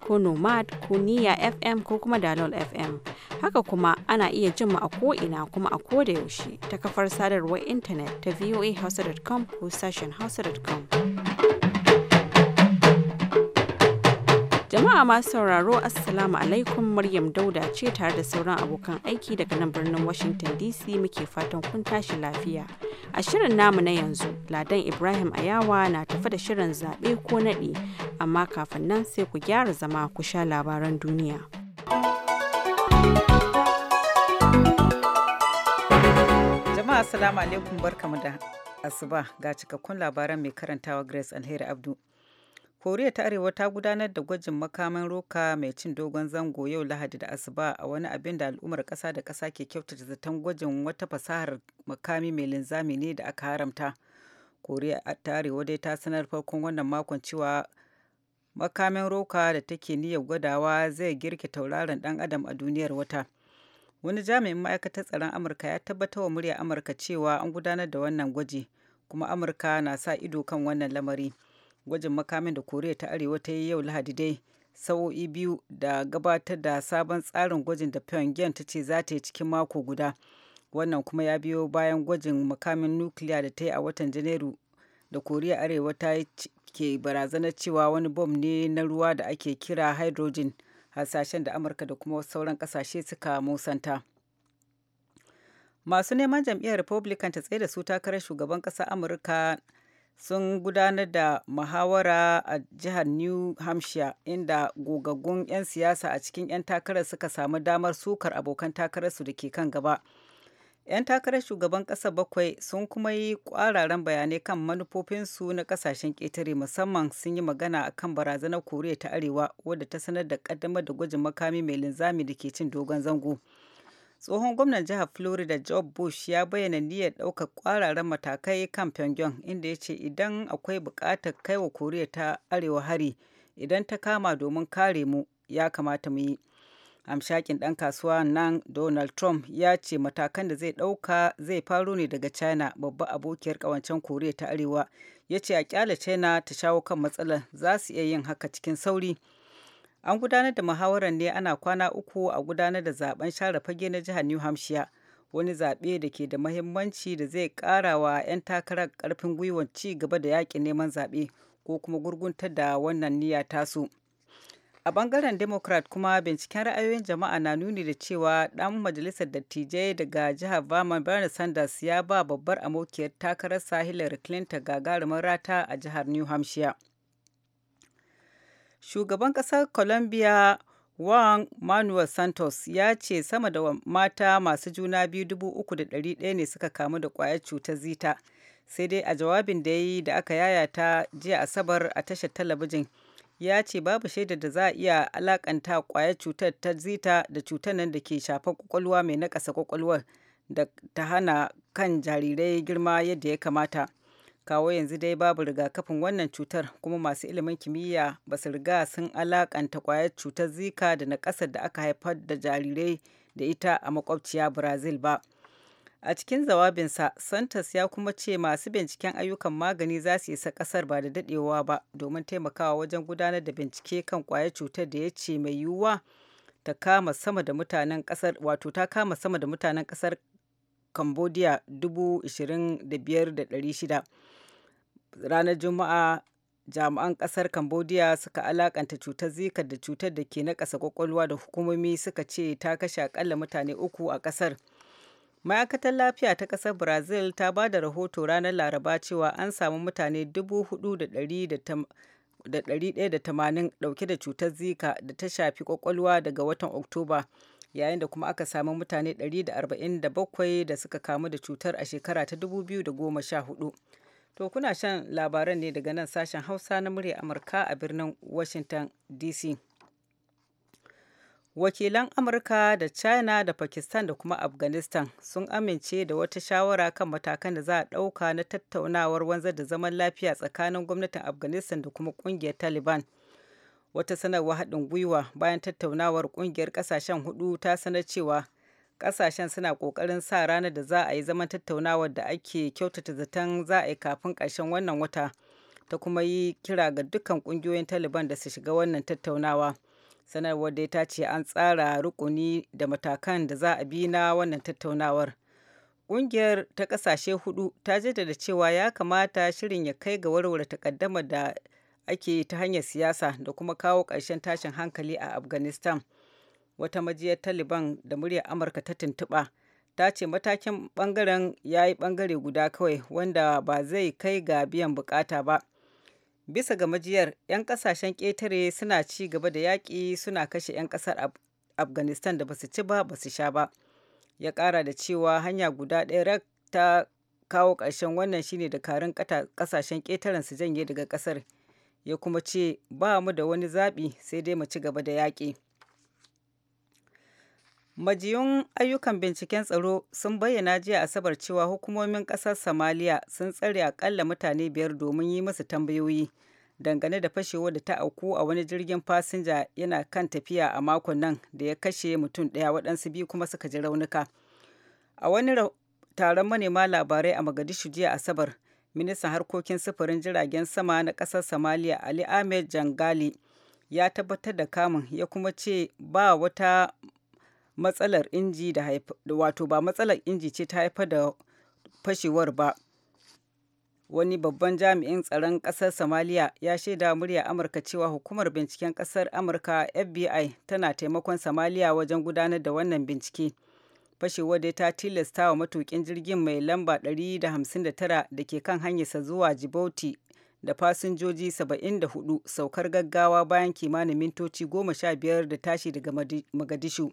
ko nomad ko niya fm ko kuma dalol fm haka kuma ana iya jin mu a ko'ina kuma a koda yaushe ta kafar sadarwar intanet ta voahausa.com ko sashen hausa.com Jama'a masu sauraro Assalamu alaikum Maryam Dauda ce tare da sauran abokan aiki daga nan birnin Washington DC muke fatan kun tashi lafiya. A shirin namu na yanzu, Ladan Ibrahim Ayawa na tafi da shirin zaɓe ko naɗe, amma kafin nan sai ku gyara zama ku sha labaran duniya. Jama'a Assalamu alaikum barkamu da asuba ga cikakkun labaran mai karantawa Grace Alheri Abdu. koriya ta arewa ta gudanar da gwajin makamin roka mai cin dogon zango yau lahadi da asuba a wani abin da al'ummar ƙasa da kasa ke kyautata zaton gwajin wata fasahar makami mai linzami ne da aka haramta koriya ta arewa dai ta sanar farkon wannan makon cewa makamin roka da take niyyar gwadawa zai girke tauraron dan adam a duniyar wata wani jami'in ma'aikatar tsaron amurka ya tabbatar wa murya amurka cewa an gudanar da wannan gwaji kuma amurka na sa ido kan wannan lamari gwajin makamin da koriya ta arewa ta yi yau lahadi dai sa'o'i biyu da gabatar da sabon tsarin gwajin da pyongyang ta ce za ta yi cikin mako guda wannan kuma ya biyo bayan gwajin makamin nukiliya da ta yi a watan janairu da koriya arewa ta ke barazanar cewa wani bom ne na ruwa da ake kira hydrogen hasashen da amurka da kuma sauran kasashe suka musanta masu neman jam'iyyar republican ta tsaye da su takarar shugaban ƙasar amurka sun gudanar da muhawara a jihar new hampshire inda gogaggun 'yan siyasa a cikin 'yan takarar suka samu damar sukar abokan takararsu da ke kan gaba 'yan takarar shugaban ƙasa bakwai sun kuma yi ƙwararren bayanai kan manufofinsu na ƙasashen ƙetare musamman sun yi magana a kan barazanar koriya ta arewa wadda ta sanar da ƙaddamar da gwajin makami mai linzami da ke cin dogon zango tsohon gwamnan jihar florida job bush ya bayyana niyyar ɗaukar kwararan matakai kan pyongyang inda ya ce idan akwai buƙatar kai wa koriya ta arewa hari idan ta kama domin kare mu ya kamata mu yi amshakin ɗan kasuwa nan donald trump ya ce matakan da zai ɗauka zai faro ne daga china babba abokiyar ƙawancen koriya ta arewa ya ce a kyale china ta shawo kan matsalar za su iya yin haka cikin sauri An gudanar da muhawarar ne ana kwana uku a gudanar da zaben share fage na jihar New Hampshire, wani zaɓe da ke da mahimmanci da zai ƙara wa 'yan takarar ƙarfin gwiwar ci gaba da yaƙin neman zaɓe ko kuma gurgunta da wannan niyya tasu. A bangaren Democrat kuma binciken ra'ayoyin jama'a na nuni da cewa ɗan majalisar dattijai daga jihar Vermont Bernie Sanders ya ba babbar amokiyar takararsa Hillary Clinton gagarumin rata a jihar New Hampshire. Shugaban ƙasar Colombia Juan Manuel Santos ya ce sama da mata masu juna biyu dubu uku da ɗari ɗaya ne suka kamu da ƙwayar cutar zita. Sai dai a jawabin da ya yi da aka yayata jiya Asabar a tashar talabijin ya ce babu shaida da za a iya alakanta ƙwayar cutar ta zita da cutar nan da ke shafar kwakwalwa mai nakasa kwakwalwar da ta hana kan jarirai girma yadda ya kamata. kawo yanzu dai babu rigakafin wannan cutar kuma masu ilimin kimiyya ba su riga sun alakanta kwayar cutar zika da na kasar da aka haifar da jarirai da ita a makwabciya brazil ba a cikin zawabinsa santas ya kuma ce masu binciken ayyukan magani za su isa kasar ba da dadewa ba domin taimakawa wajen gudanar da bincike kan kwayar cutar da ya ce mai yiwuwa ta kama sama da mutanen kasar wato ta kama sama da mutanen kasar cambodia ranar Juma'a jami'an kasar Cambodia suka alakanta cutar zika da cutar da ke na ƙasa kwakwalwa da hukumomi suka ce ta kashe akalla mutane uku a ƙasar Ma'aikatar lafiya ta kasar Brazil ta ba da rahoto ranar Laraba cewa an samu mutane 4,180 dauke da cutar zika da ta shafi kwakwalwa daga watan Oktoba. yayin da kuma aka samu mutane 147 da suka kamu da cutar a shekara ta 2014 To kuna shan labaran ne daga nan sashen Hausa na murya Amurka a birnin Washington DC. Wakilan Amurka da China da Pakistan da kuma Afghanistan sun amince da wata shawara kan matakan da za a ɗauka na tattaunawar wanzar da zaman lafiya tsakanin gwamnatin Afghanistan da kuma ƙungiyar Taliban. Wata sanarwa haɗin gwiwa bayan tattaunawar ƙungiyar ƙasashen hudu ta sanar cewa kasashen suna kokarin sa ranar da za a yi zaman tattaunawar da ake kyautata zaton za a yi kafin ƙarshen wannan wata ta kuma yi kira ga dukkan ƙungiyoyin taliban da su shiga wannan tattaunawa sanarwar da ta ce an tsara rukuni da matakan da za a bi na wannan tattaunawar ƙungiyar ta ƙasashe hudu ta jaddada cewa ya kamata shirin ya kai ga warware takaddama da ake ta hanyar siyasa da kuma kawo ƙarshen tashin hankali a afghanistan wata majiyar taliban da muryar amurka ta tuntuɓa ta ce matakin ɓangaren ya yi ɓangare guda kawai wanda ba zai kai ga biyan bukata ba bisa ga majiyar 'yan ƙasashen ƙetare suna ci gaba da yaƙi suna kashe 'yan ƙasar afghanistan da basu ci ba basu sha ba ya ƙara da cewa hanya guda ɗaya rak ta kawo ƙarshen wannan shine da karin ƙasashen ƙetaren su janye daga ƙasar ya kuma ce ba mu da wani zaɓi sai dai mu ci gaba da yaƙi majiyun ayyukan binciken tsaro sun bayyana jiya asabar cewa hukumomin ƙasar somalia sun tsare akalla mutane biyar domin yi musu tambayoyi dangane da fashewar da ta auku a wani jirgin fasinja yana kan tafiya a makon nan da ya kashe mutum ɗaya waɗansu biyu kuma suka ji raunuka a wani taron manema labarai a magadishu jiya asabar ministan harkokin sufurin jiragen sama na ƙasar somalia ali ahmed jangali ya tabbatar da kamun ya kuma ce ba wata matsalar inji da wato ba matsalar inji ce ta haifar da fashewar ba wani babban jami'in tsaron ƙasar samaliya ya shaida murya Amurka cewa hukumar binciken ƙasar Amurka FBI tana taimakon samaliya wajen gudanar da wannan bincike. Fashewar dai ta tilasta wa matukin jirgin mai lamba 159 da ke kan hanyarsa zuwa Djibouti da fasinjoji 74 saukar gaggawa bayan kimanin mintoci 15 da tashi daga magadishu.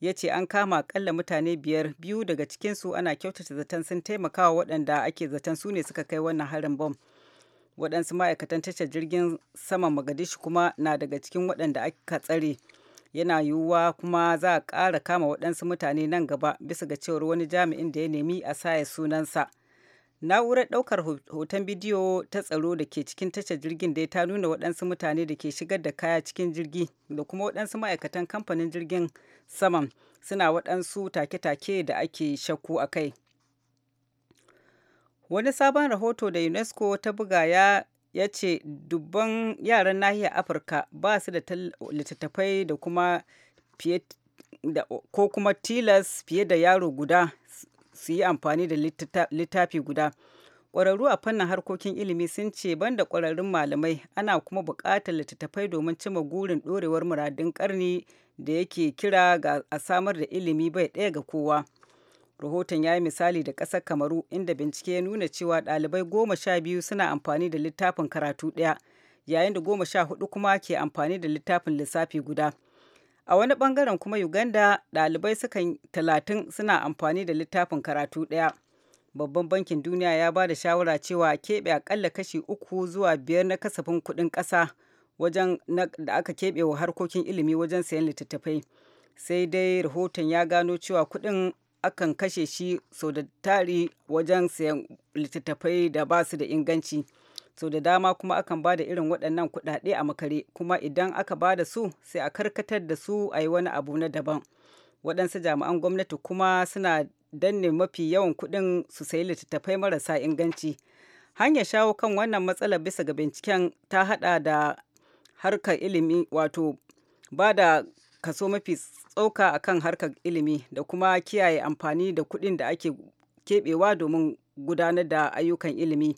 ya ce an kama akalla mutane biyar biyu daga cikinsu ana kyautata zaton sun taimakawa waɗanda ake zaton su ne suka kai wannan harin bom waɗansu ma'aikatan tashar jirgin saman Magadishu kuma na daga cikin waɗanda aka tsare yana yiwuwa kuma za a ƙara kama waɗansu mutane nan gaba bisa ga cewar wani jami'in da ya nemi a saya sunansa na'urar ɗaukar hoton bidiyo ta tsaro da ke cikin tashar jirgin dai ta nuna waɗansu mutane da ke shigar da kaya cikin jirgi da kuma waɗansu ma'aikatan kamfanin jirgin saman suna waɗansu take-take da ake shakku a kai wani sabon rahoto da unesco ta buga ya ce dubban yaran nahiyar afirka ba su da littattafai ko kuma tilas fiye da yaro guda su yi amfani da littafi guda ƙwararru a fannin harkokin ilimi sun ce ban da ƙwararrun malamai ana kuma buƙatar littattafai domin cima gurin ɗorewar muradun ƙarni da yake kira ga a samar da ilimi bai ɗaya ga kowa rahoton ya yi misali da ƙasar kamaru inda bincike ya nuna cewa ɗalibai goma sha biyu suna amfani da littafin karatu ɗaya yayin da goma sha hudu kuma ke amfani da littafin lissafi guda a wani bangaren kuma uganda ɗalibai sukan talatin suna amfani da littafin karatu ɗaya babban bankin duniya ya ba da shawara cewa keɓe akalla kashi uku zuwa biyar na kasafin kuɗin ƙasa wajen da aka keɓe wa harkokin ilimi wajen sayan littattafai sai dai rahoton ya gano cewa kuɗin akan kashe shi sau da tari wajen sayan littattafai da ba su da inganci sau da dama kuma akan ba da irin waɗannan kuɗaɗe a makare kuma idan aka ba da su sai a karkatar da su a yi wani abu na daban waɗansu jami'an gwamnati kuma suna danne mafi yawan kuɗin su sayi littattafai marasa inganci hanyar shawo kan wannan matsalar bisa ga binciken ta haɗa da harkar ilimi wato ba da kaso mafi tsauka a kan harkar ilimi da kuma kiyaye amfani da kuɗin da ake keɓewa domin gudanar da ayyukan ilimi.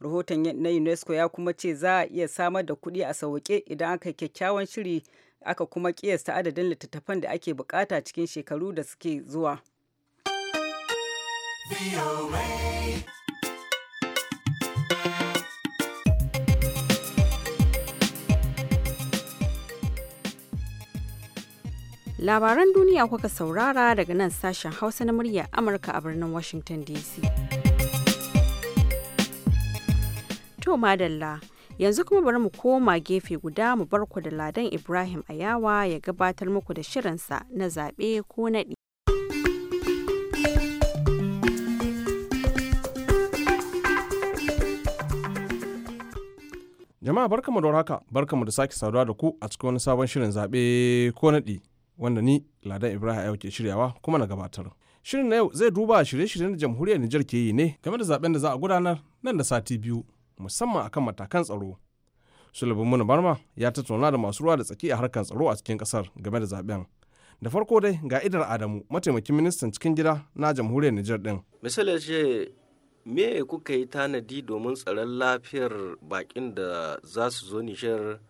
rahoton na unesco ya kuma ce za a iya samar da kuɗi a sauƙe idan aka kyakkyawan shiri aka kuma kiyasta adadin littattafan da ake bukata cikin shekaru da suke zuwa labaran duniya kuka saurara daga nan sashen hausa na muryar amurka a birnin washington dc To madalla, yanzu kuma bari mu koma gefe guda mu bar ku da Ladan Ibrahim Ayawa ya gabatar muku da shirinsa na zaɓe ko naɗi. Jama'a barkamu da haka barkamu da sake saduwa da ku a cikin wani sabon shirin zaɓe ko naɗi wanda ni Ladan Ibrahim Ayawa ke shiryawa kuma na gabatar. Shirin na yau zai duba shirye-shiryen da jamhuriyar Nijar ke yi ne game da zaɓen da za a gudanar nan da sati biyu. musamman akan matakan tsaro. Sulaiman Barma ya tattauna da masu ruwa da tsaki a harkar tsaro a cikin kasar game da zaben. Da farko dai ga Idar Adamu mataimakin ministan cikin gida na jamhuriyar Nijar din. Misali ce me kuka yi tanadi domin tsaron lafiyar bakin da za su zo Nijar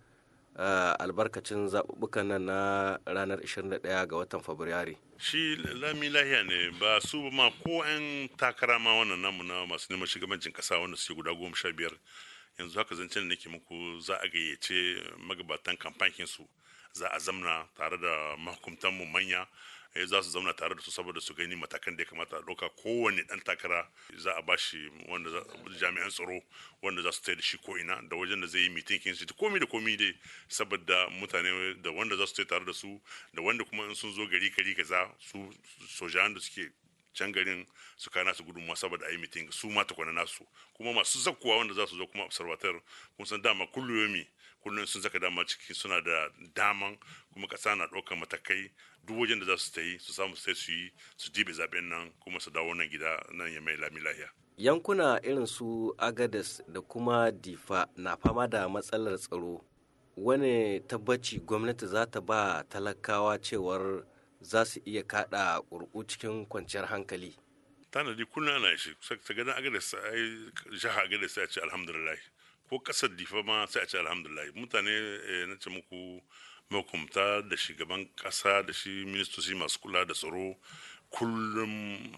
eh, albarkacin zaɓuɓɓukan nan na ranar 21 ga watan Fabrairu. shi lami lahiya ne ba su ba ma ko 'yan takara ma wannan namu na masu neman shugabancin kasa wanda su guda goma sha biyar yanzu haka zancen da nake muku za a gayyace magabatan kamfankin su za a zamna tare da mahukuntanmu manya Eh, za su zauna tare da su saboda su gani matakan da ya kamata a ɗauka kowane dan takara za a bashi wanda jami'an tsaro wanda za su tsaye da shi ko ina da wajen da zai yi mitin kin shi komi da komi dai saboda mutane da wanda za su tsaye tare da su da wanda kuma in sun zo gari kari kaza su sojan da suke can garin su kana su gudunmuwa saboda a yi mitin su ma tukwana nasu kuma masu zakkuwa wanda za su zo kuma observatory kun san dama kulliyomi kullum sun zaka dama cikin suna da daman kuma kasa na ɗaukar matakai duk wajen da za su tayi su samu sai su yi su dibe zaben nan kuma su dawo nan gida nan ya mai lami lahiya yankuna irin su agadas da kuma difa na fama da matsalar tsaro wane tabbaci gwamnati za ta ba talakawa cewar za su iya kada ƙurƙu cikin kwanciyar hankali. tanadi kuna na shi sagana agadis sai jaha agadis sai a ce alhamdulillah ko kasar difa ma sai a ce alhamdulillah mutane eh, na ce muku da shugaban kasa da shi ministoci masu kula da tsaro kullum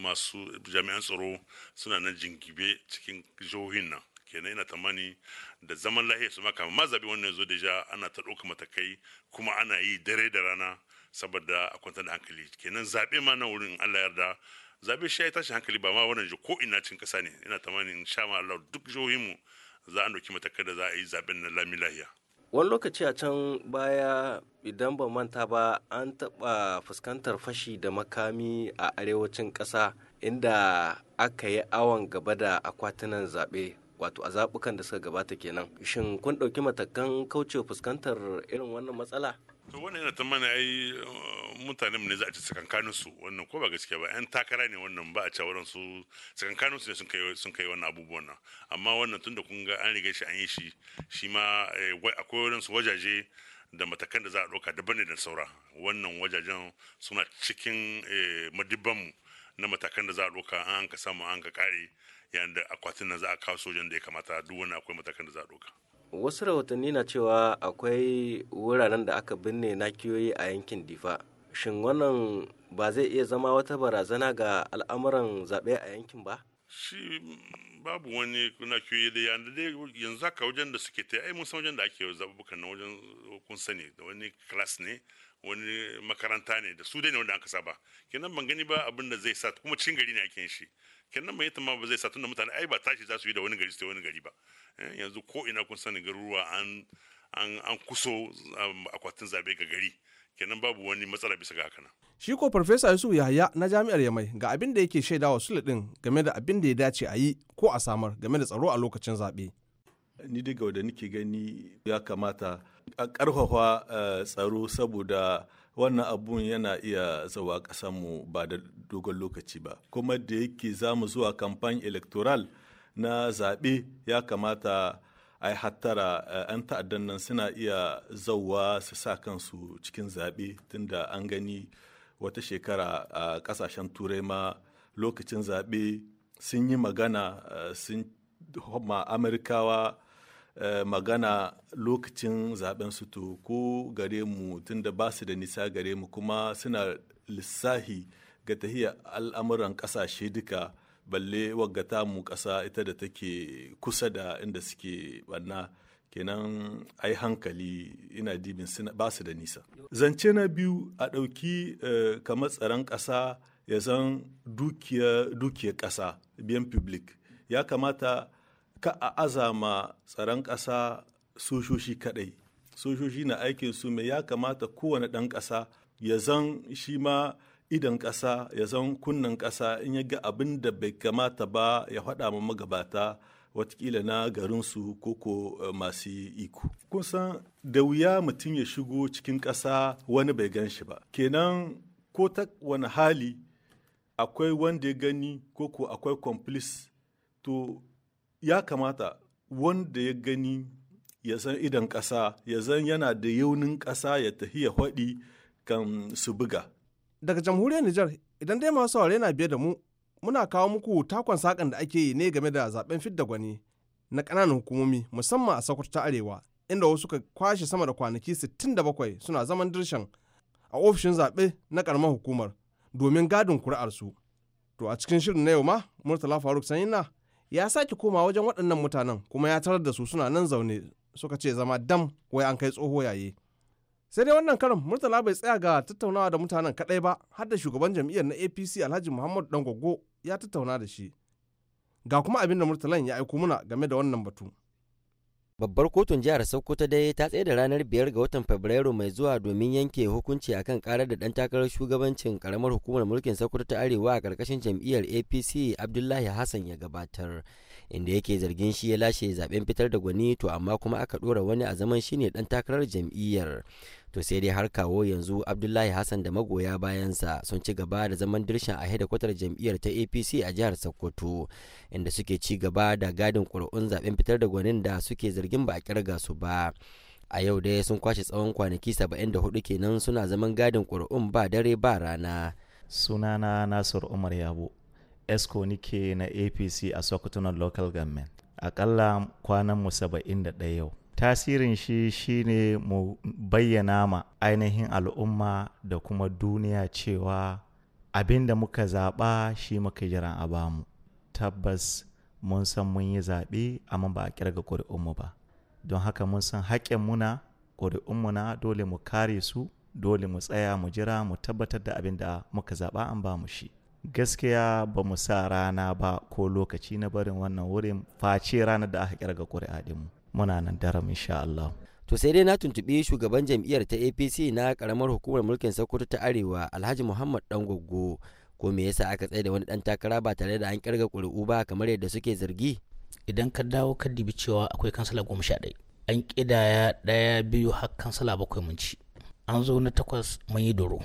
masu jami'an tsaro suna nan jingibe cikin jihohin nan kenan ina tamani da zaman lahiya su maka ma zabi wannan zo da ana ta ɗauka matakai kuma ana yi dare da rana saboda a kwantar da hankali kenan zaɓe ma na wurin Allah yarda zaɓe shi ya tashi hankali ba ma wannan ko ina cikin ƙasa ne ina tamanin sha ma Allah duk mu za a ɗauki matakai da za a yi zaɓen na lami lahiya. wani lokaci a can baya idan ba manta ba an taɓa fuskantar fashi da makami a arewacin ƙasa inda aka yi awon gaba da akwatunan zaɓe wato a zaɓukan da suka gabata kenan shin kun ɗauki matakan kaucewa fuskantar irin wannan matsala to wannan yana ta mana ai uh, mutane mu ne za a ci tsakankanin su wannan ko ba gaskiya ba yan takara ne wannan ba a ci wurin su tsakankanin su ne sun kai sun kai wannan abubuwan nan amma wannan tunda kun ga an riga shi an yi shi shi ma eh, akwai wurin su wajaje da matakan da za a ɗauka daban ne da saura wannan wajajen suna cikin eh, madibbanmu na matakan da za a ɗauka an ka samu an ka kare yayin da akwatin nan za a kawo sojan da ya kamata duk wani akwai matakan da za a ɗauka wasu rahotanni na cewa akwai wuraren da aka binne nakiyoyi a yankin difa shin wannan ba zai iya zama wata barazana ga al'amuran zaɓe a yankin ba shi babu wani nakiyoyi da yanda dai yanzu haka wajen da suke ta ai mun wajen da ake zaɓuɓɓukan na wajen kun sani da wani class ne wani makaranta ne da su dai ne wanda aka saba kenan ban gani ba abin da zai sa kuma cikin gari ne ake yin shi kenan mai ma ba zai sa tunda mutane ai ba tashi za su yi da wani gari su wani gari ba eh, yanzu ko ina kun sani garuruwa an an an kuso um, akwatin zabe ga gari kenan babu wani matsala bisa ga haka shi ko farfesa yusuf yahaya na jami'ar yamai ga abin da yake shaidawa sule din game da abin da ya dace a yi ko a samar game da tsaro a lokacin zabe ni daga wanda nake gani ya kamata a ƙarfafa eh, tsaro saboda wannan abun yana iya zawa mu ba da dogon lokaci ba kuma da yake za mu zuwa kamfan electoral na zaɓe ya kamata a yi hattara 'yan eh, ta'addan nan suna iya zauwa su sa kansu cikin zaɓe tunda an gani wata shekara a ƙasashen turai ma lokacin zaɓe sun yi magana eh, sun ma amurkawa Eh, magana lokacin zaben su to ko gare mu tunda ba su da nisa gare mu kuma suna lissahi ga tahiya al'amuran ƙasashe duka balle waggata mu ƙasa ita da take kusa da inda suke banna kenan ai hankali ina dibin ba su da nisa zance na biyu a ɗauki eh, kamar tsaron ƙasa ya zan dukiyar ƙasa biyan public ya kamata ka a azama tsaron ƙasa sojoji kaɗai soshoshi na aikin su mai ya kamata kowane ɗan ƙasa ya zan shi ma idan ƙasa ya zan kunnan ƙasa in ya ga abin da bai kamata ba ya faɗa ma magabata watakila na garinsu ko ko eh, masu iko. Kusan da wuya mutum ya shigo cikin ƙasa wani bai gan shi ba. Kenan ko ta wani hali akwai wanda ya gani ko koko akwai complice to ya kamata wanda ya gani ya san idan ƙasa ya zan yana da yaunin ƙasa ya tafi ya haɗi kan su buga. Daga jamhuriyar Nijar idan dai masu saurare na biye da mu muna kawo muku takon sakan da ake yi ne game da zaben fidda gwani na ƙananan hukumomi musamman a Sokoto ta Arewa inda wasu ka kwashe sama da kwanaki 67 suna zaman dirshan a ofishin zaɓe na karamar hukumar domin gadin kuri'arsu. To a cikin shirin na yau ma Murtala Faruk Sanyina ya sake koma wajen waɗannan mutanen kuma ya tarar da su suna nan zaune suka ce zama dam wai an kai tsoho yaye sai dai wannan karin murtala bai tsaya ga tattaunawa da mutanen kaɗai ba har da shugaban jam'iyyar na apc alhaji muhammadu dangogo ya tattauna da shi ga kuma abin da murtalan ya aiko muna game da wannan batu babbar kotun jihar sokoto dai ta tsaye da ranar biyar ga watan fabrairu mai zuwa domin yanke hukunci akan karar da dan takarar shugabancin karamar hukumar mulkin sokoto ta arewa a karkashin jam'iyyar apc abdullahi hassan ya gabatar inda yake zargin shi ya lashe zaben fitar da gwani to amma kuma aka dora wani a zaman shine dan takarar jam'iyyar to sai dai har kawo yanzu abdullahi hassan da magoya bayansa sun ci gaba da zaman dirshan a hedikwatar jam'iyyar ta apc a jihar sokoto inda suke ci gaba da gadin ƙuri'un zaben fitar da gwanin da suke zargin ba a kirga su ba a yau dai sun kwashe tsawon kwanaki 74 kenan suna zaman gadin ƙuri'un ba dare ba rana sunana nasir umar yabo esco nike na apc a sokoto local government akalla kwanan mu 71 yau tasirin shi shine mu bayyana ma ainihin al'umma da kuma duniya cewa abin da muka zaɓa shi muka jira a bamu tabbas mun san mun yi zaɓe amma ba a ƙirga ƙuri'unmu ba don haka mun san haƙƙin muna ƙuri'unmu na dole mu kare su dole mu tsaya mu jira mu tabbatar da abin da muka zaɓa an ba mu shi gaskiya ba mu sa rana ba ko lokaci na barin wannan wurin face ranar da aka kirga ƙuri'a mu muna nan daram insha Allah. To sai dai na tuntuɓi shugaban jam'iyyar ta APC na karamar hukumar mulkin Sokoto ta Arewa Alhaji Muhammad dangogo ko me yasa aka tsaye da wani dan takara ba tare da an kirga ƙuri'u ba kamar yadda suke zargi. Idan ka dawo ka dibi cewa akwai kansala goma sha ɗaya an ƙidaya ɗaya biyu har kansala bakwai mun ci an zo na takwas mun yi doro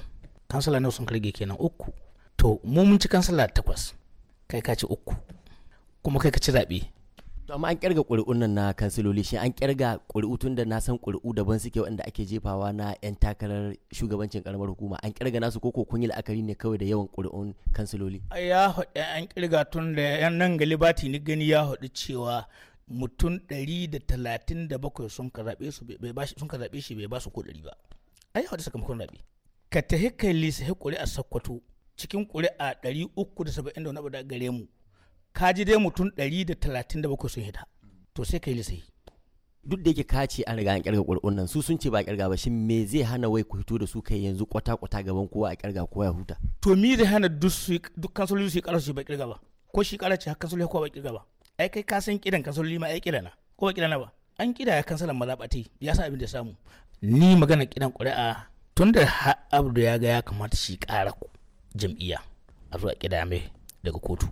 kansala nawa sun karge kenan uku to mu mun ci kansala takwas kai ka ci uku kuma kai ka ci zaɓe to amma an kirga ƙuri'un nan na kansiloli shi an kirga ƙuri'u tun da na san ƙuri'u daban suke wanda ake jefawa na 'yan takarar shugabancin karamar hukuma an kirga nasu koko kun yi la'akari ne kawai da yawan ƙuri'un kansiloli ya haɗu an kirga tun da yan nan galibati ni gani ya haɗu cewa mutum 137 sun ka zaɓe su bai ba sun ka zaɓe shi bai ba su ko ɗari ba ai haɗu sakamakon zaɓe ka tahi kai lisa he ƙuri'a sakkwato cikin ƙuri'a 370 da wani abu da gare mu ka ji dai mutum 137 sun hita to sai ka yi duk da yake ka ce an riga an kirga ƙwarƙwar nan su sun ce ba kirga ba shin me zai hana wai ku hito da su kai yanzu kwata kwata gaban kowa a kirga kowa ya huta to mi zai hana duk kansaloli su yi karar su ba kirga ba ko shi karar ce kan kansaloli ko ba kirga ba ai kai ka san kidan kansaloli ma ai na ko ba na ba an kida ya kansalan mazaɓati ya sa abin da samu ni magana kidan ƙuri'a tun da abdu ya ga ya kamata shi kara jam'iyya a zuwa kida mai daga kotu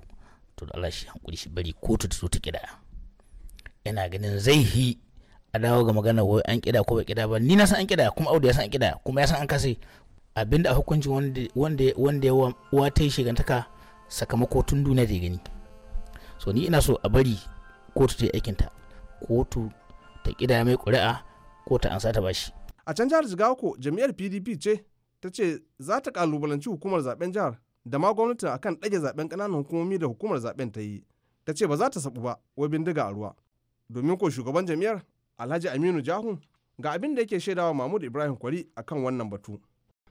Allah shi hankuri shi bari kotu ta zo ta kida ina ganin zai hi a dawo ga magana wai an kida ko bai kida ba ni na san an kida kuma Audu ya san an kida kuma ya san an kase abinda a hukuncin wanda wanda ya wa ta yi shigantaka sakamako tun duniya da gani so ni ina so a bari kotu ta yi aikinta kotu ta kida mai ƙuri'a ko ta ansa ta bashi a can jihar jigawa ko jami'ar pdp ce ta ce za ta kalubalanci hukumar zaben jihar da ma gwamnatin akan ɗage zaben ƙananan hukumomi da hukumar zaben ta yi ta ce ba za ta saɓu ba wai bindiga a ruwa domin ko shugaban jami'ar alhaji aminu jahu ga abin da yake shaidawa mahmud ibrahim kwari akan wannan batu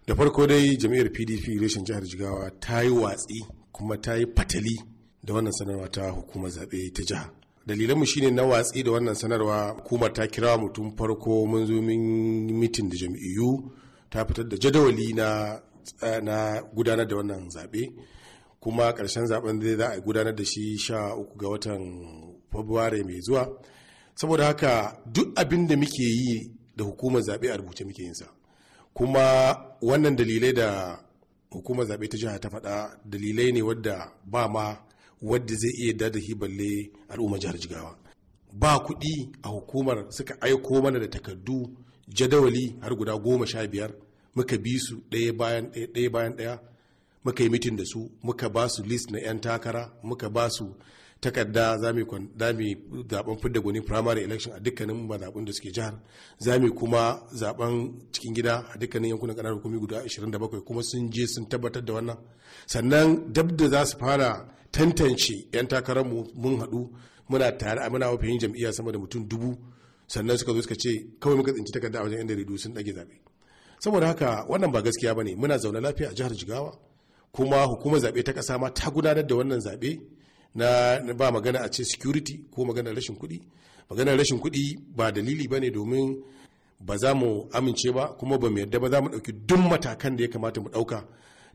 da farko dai jam'iyyar pdp reshen jihar jigawa ta yi watsi kuma ta yi fatali da wannan sanarwa ta hukumar zaɓe ta jiha dalilanmu shine na watsi da wannan sanarwa hukumar ta kira mutum farko mun zo min mitin da jam'iyyu ta fitar da jadawali na na gudanar da wannan zaɓe kuma ƙarshen zaben zai za a gudanar da shi sha uku ga watan fabrairu mai zuwa saboda haka duk abin da muke yi da hukumar zaɓe a rubuce muke yinsa kuma wannan dalilai da hukumar zaɓe ta jiha ta faɗa dalilai ne wadda ba ma wadda zai iya da balle al'ummar jihar jigawa ba kuɗi a hukumar suka aiko mana da takardu jadawali har guda goma sha biyar muka bi su ɗaya bayan ɗaya bayan ɗaya muka yi mitin da su muka ba su list na 'yan takara muka ba su takarda za mu zaben fidda gwani primary election a dukkanin mazaɓun da suke jihar za mu kuma zaben cikin gida a dukkanin yankunan ƙananan hukumi guda 27 kuma sun je sun tabbatar da wannan sannan dab da za su fara tantance 'yan takararmu mun haɗu muna tare a muna yin jam'iyya sama da mutum dubu sannan suka zo suka ce kawai muka tsinci takarda a wajen 'yan jaridu sun ɗage zaɓe saboda haka wannan ba gaskiya bane muna zaune lafiya a jihar jigawa kuma hukumar zaɓe ta ƙasa ma ta gudanar da wannan zaɓe na ba magana a ce security ko magana rashin kuɗi magana rashin kuɗi ba dalili bane domin ba za mu amince ba kuma ba mu yadda ba za mu ɗauki duk matakan da ya kamata mu ɗauka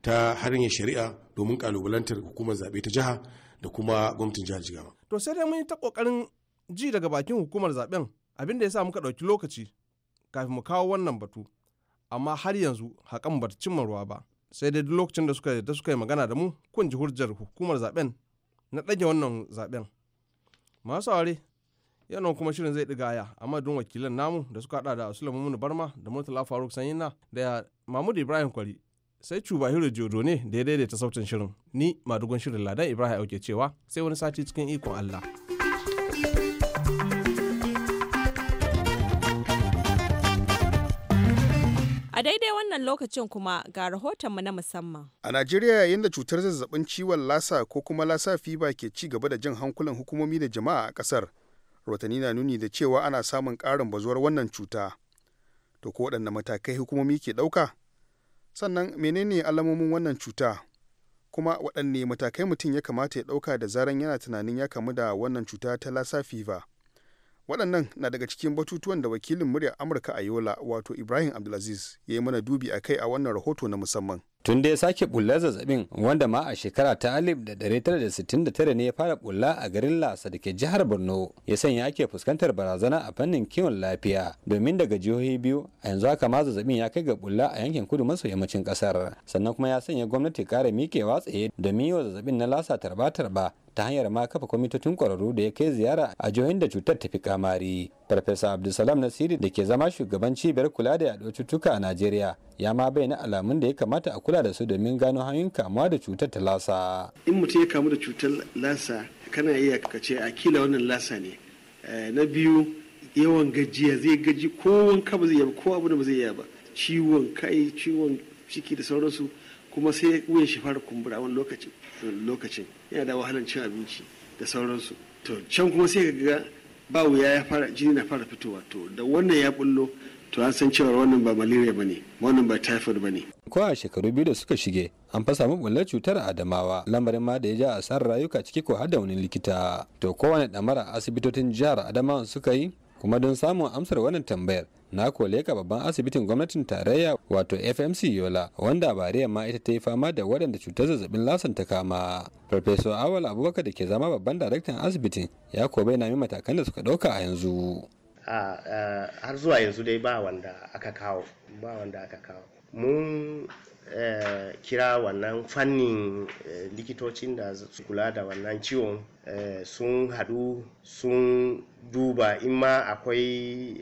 ta hanyar shari'a domin kalubalantar hukumar zaɓe ta jiha da kuma gwamnatin jihar jigawa. to sai dai mun yi ta ƙoƙarin ji daga bakin hukumar zaɓen abin da ya sa muka ɗauki lokaci kafin mu kawo wannan batu amma har yanzu hakan bata cimma ruwa ba sai dai duk lokacin da suka da suka yi magana da mu kun ji hujjar hukumar zaben na ɗage wannan zaben masu aure yanon kuma shirin zai ɗiga aya amma don wakilan namu da suka hada da mun barma da murtala faruk sanyina da mahmud ibrahim kwari sai cubahiro jodo ne da ya daidaita sautin shirin ni madugon shirin ladan ibrahim auke cewa sai wani sati cikin ikon allah wannan lokacin kuma ga rahoton mu na musamman. A Najeriya yayin da cutar zazzabin ciwon lasa ko kuma lasa fiba ke ci gaba da jin hankulan hukumomi da jama'a a ƙasar. Rotani na nuni da cewa ana samun ƙarin bazuwar wannan cuta. To ko waɗanne matakai hukumomi ke ɗauka? Sannan menene alamomin wannan cuta? Kuma waɗanne matakai mutum ya kamata ya ɗauka da zaran yana tunanin ya kamu da wannan cuta ta lasa fiba? waɗannan na daga cikin batutuwan da wakilin muryar amurka a yola wato ibrahim abdulaziz ya yi mana dubi a kai a wannan rahoto na musamman tun da ya sake bulla zazzabin wanda ma a shekara ta 1969 ne ya fara bulla a garin lasa da ke jihar borno ya sanya ake fuskantar barazana a fannin kiwon lafiya domin daga jihohi biyu a yanzu haka ma zazzabin ya kai ga bulla a yankin kudu maso yammacin kasar sannan kuma ya sanya gwamnati kara mikewa tsaye domin yi wa zazzabin na lasa tarba tarba ta hanyar ma kafa kwamitocin kwararru da ya kai ziyara a jihohin da cutar ta fi kamari farfesa abdulsalam nasiri da ke zama shugaban cibiyar kula da yaduwar cutuka a najeriya ya ma bayyana alamun da ya kamata a kula da su domin gano hanyoyin kamuwa da cutar ta lasa in mutum ya kamu da cutar lasa kana iya ka ce a kila wannan lasa ne eh, na biyu yawan gajiya zai gaji ko wanka ba zai yi ko abu da ba zai yi ba ciwon kai ciwon ciki da sauransu kuma sai wuyan shi fara kumbura wani lokaci lokacin yana da wahalar cin abinci da sauransu to can kuma sai ka ga ba wuya ya fara jini na fara fitowa to da wannan ya bullo to an san cewa wannan ba malaria bane wannan ba typhoid bane ko a shekaru biyu da suka shige an fa samu bullar cutar adamawa lamarin ma da ya ja asarar rayuka ciki ko har da wani likita to kowane damara asibitocin jihar adamawa suka yi kuma don samun amsar wannan tambayar na koleka babban asibitin gwamnatin tarayya wato fmc yola wanda bariya ma ita ta yi fama da waɗanda cutar zazzabin lasan ta kama farfesa awal abubakar da ke zama babban daraktan asibitin ya ko bai nami matakan da suka ɗauka a yanzu har zuwa yanzu dai ba wanda aka kawo mun Eh, kira wannan fannin eh, likitocin da su kula da wannan ciwon eh, sun hadu sun duba in ma akwai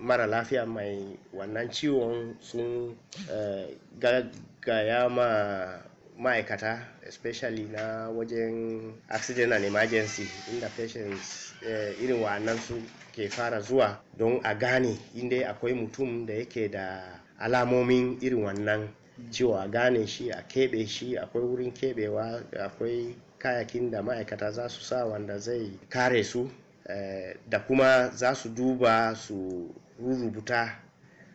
mara lafiya mai wannan ciwon sun gaya ma ma'aikata especially na wajen accident and emergency inda patients irin wannan su ke fara zuwa don a gane in inda akwai mutum da yake da alamomin irin wannan cewa a gane shi a keɓe shi akwai wurin keɓewa akwai kayakin da ma'aikata za su sa wanda zai kare su eh, da kuma za su duba su rubuta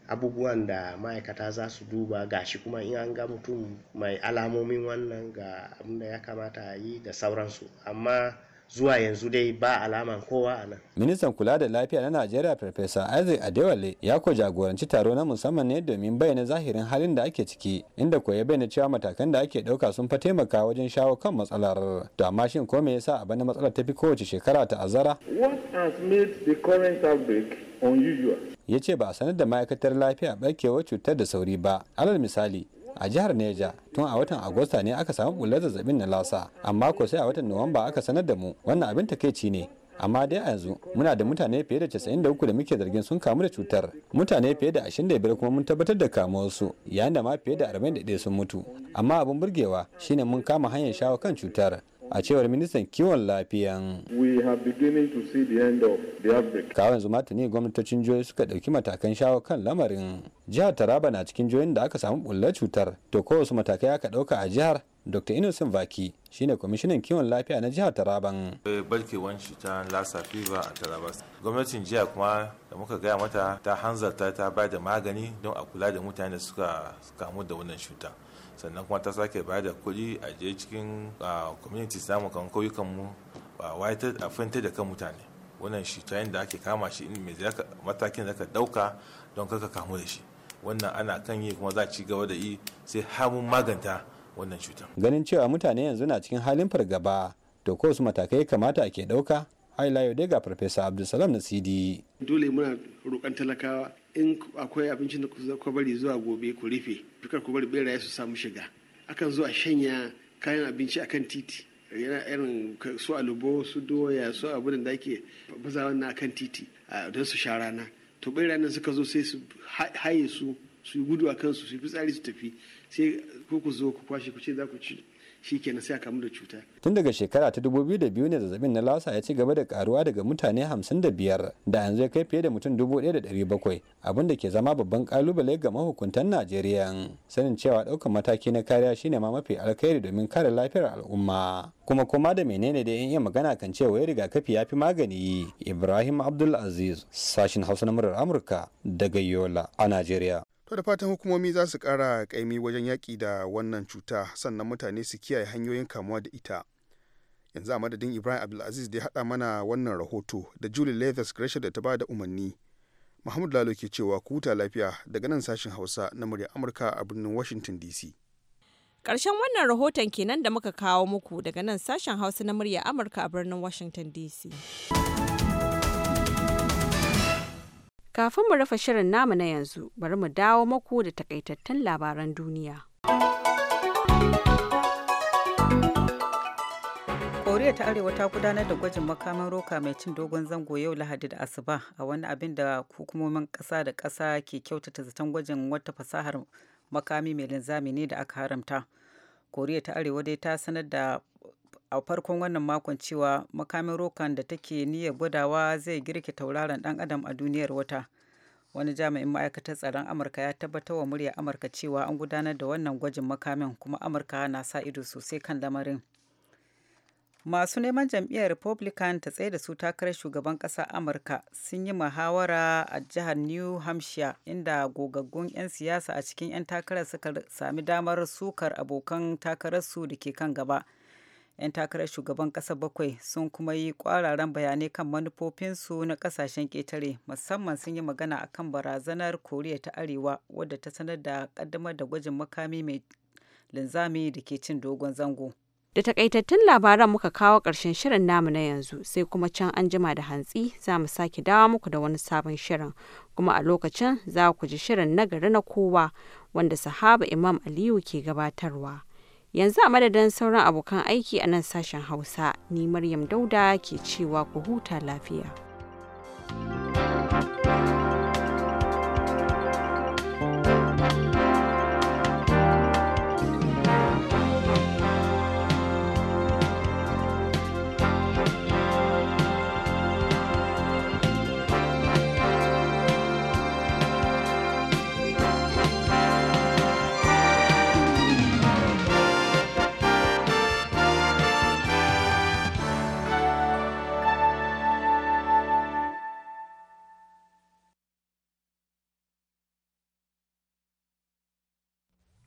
abubuwan da ma'aikata za su duba gashi kuma in an ga mutum mai alamomin wannan ga abinda ya kamata a yi da sauransu amma zuwa yanzu dai ba alaman kowa a nan. Ministan kula da lafiya na Najeriya Farfesa Isaac Adewale ya ko jagoranci taro na musamman ne domin bayyana zahirin halin da ake ciki inda ko ya bayyana cewa matakan da ake ɗauka sun fa taimaka wajen shawo kan matsalar. To amma shin ko me yasa a bana matsalar ta fi kowace shekara ta azara? What has made the current outbreak unusual? ya ce ba a sanar da ma'aikatar lafiya ɓarkewar cutar da sauri ba alal misali a jihar neja tun a watan agusta ne aka samu bullar zazzabin na lasa amma ko sai a watan nuwamba aka sanar da mu wannan abin takeici ne amma dai a yanzu muna da mutane fiye da 93 da muke zargin sun kamu da cutar mutane fiye da 25 kuma mun tabbatar da kamuwarsu yayin da ma fiye da 41 sun mutu amma abin burgewa shine mun kama hanyar shawo kan cutar a cewar ministan kiwon lafiyan kawai yanzu ma tuni gwamnatocin jihohi suka ɗauki matakan shawo kan lamarin jihar taraba na cikin jihohin da aka samu bulla cutar to kowace matakai aka ɗauka a jihar dr innocent vaki shine kwamishinan kiwon lafiya na jihar taraban barkewan cuta lassa fever a taraba gwamnatin jiya kuma da muka gaya mata ta hanzarta ta ba da magani don a kula da mutane da suka kamu da wannan cuta sannan kuma ta sake ba da kuɗi a je cikin communities samu kan kauyukan mu a fahimtar da kan mutane wannan shi ta da ake kama shi mai matakin da ka dauka don kaka kamu da shi wannan ana kan yi kuma za ci gaba da yi sai har mun maganta wannan cutar ganin cewa mutane yanzu na cikin halin fargaba to ko su matakai kamata ake ɗauka haila dai ga farfesa abdulsalam na cd dole muna roƙon talakawa in akwai abincin da kusa kwabari zuwa gobe ku rufe dukkan kwabari bera ya su samu shiga akan zo a shanya kayan abinci akan titi yana irin su alubo su doya su abu da ake baza wannan akan titi don su sha rana to nan suka zo sai su haye su su gudu a kansu su yi fitsari su tafi sai ku ku zo ku kwashe ku ce za ku ci shikenan sai a kamu da cuta tun daga shekara ta 2002 ne zazzabin na lasa ya ci gaba da karuwa daga mutane hamsin da biyar, da yanzu ya kai fiye da mutum 1,700 abin da ke zama babban kalubale ga mahukuntan Najeriya sanin cewa ɗaukar mataki na kariya shine ma mafi alkhairi domin kare lafiyar al'umma kuma kuma da menene da yan iya magana kan cewa rigakafi ya fi magani Ibrahim Abdulaziz, Aziz sashin Hausa na murar Amurka daga Yola a Najeriya to da fatan hukumomi za su ƙara kaimi wajen yaƙi da wannan cuta sannan mutane su kiyaye hanyoyin kamuwa da ita yanzu a madadin ibrahim abdulaziz da ya haɗa mana wannan rahoto da julie leathers gresha da ta ba da umarni mahmud lalo ke cewa ku huta lafiya daga nan sashen hausa na murya amurka a birnin washington dc Ƙarshen wannan rahoton kenan da muka kawo muku daga nan sashen hausa na murya amurka a birnin washington dc Kafin mu rufe shirin namu na yanzu, bari mu dawo maku da takaitattun labaran duniya. Koriya ta Arewa ta gudanar da gwajin makaman roka mai cin dogon zango yau Lahadi da Asuba a wani abin da hukumomin ƙasa da ƙasa ke kyautata zaton gwajin wata fasahar makami mai linzami ne da aka haramta. Koriya ta Arewa dai ta sanar da a farkon wannan makon cewa makamin rokan da take niyyar gwadawa zai girke tauraron dan adam a duniyar wata wani jami'in ma'aikatar tsaron amurka ya tabbata wa murya amurka cewa an gudanar da wannan gwajin makamin kuma amurka na sa ido sosai kan lamarin masu neman jam'iyyar republican ta tsaye da su takarar shugaban ƙasa amurka sun yi muhawara a jihar new hampshire inda gogaggun 'yan siyasa a cikin 'yan takarar suka sami damar sukar abokan takararsu da ke kan gaba 'yan takarar shugaban ƙasa bakwai sun kuma yi ƙwararan bayanai kan manufofinsu na ƙasashen ƙetare musamman sun yi magana a kan barazanar koriya ta arewa wadda ta sanar da ƙaddamar da gwajin makami mai linzami da ke cin dogon zango da takaitattun labaran muka kawo ƙarshen shirin namu na yanzu sai kuma can an jima da hantsi za mu sake dawo muku da wani sabon shirin kuma a lokacin za ku ji shirin nagari na kowa wanda sahaba imam aliyu ke gabatarwa Yanzu a madadin sauran abokan aiki a nan sashen Hausa, ni Maryam Dauda ke cewa ku huta lafiya. thank you